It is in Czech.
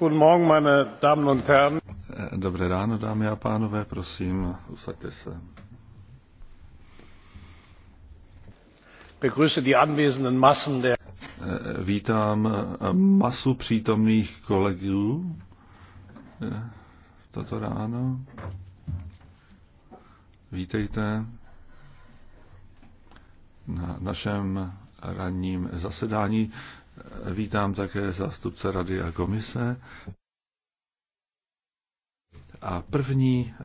Eh, dobré ráno, dámy a pánové, prosím, usaďte se. Begrüße die anwesenden Massen der eh, Vítám eh, masu přítomných kolegů toto ráno. Vítejte na našem ranním zasedání. Vítám také zástupce Rady a komise. A první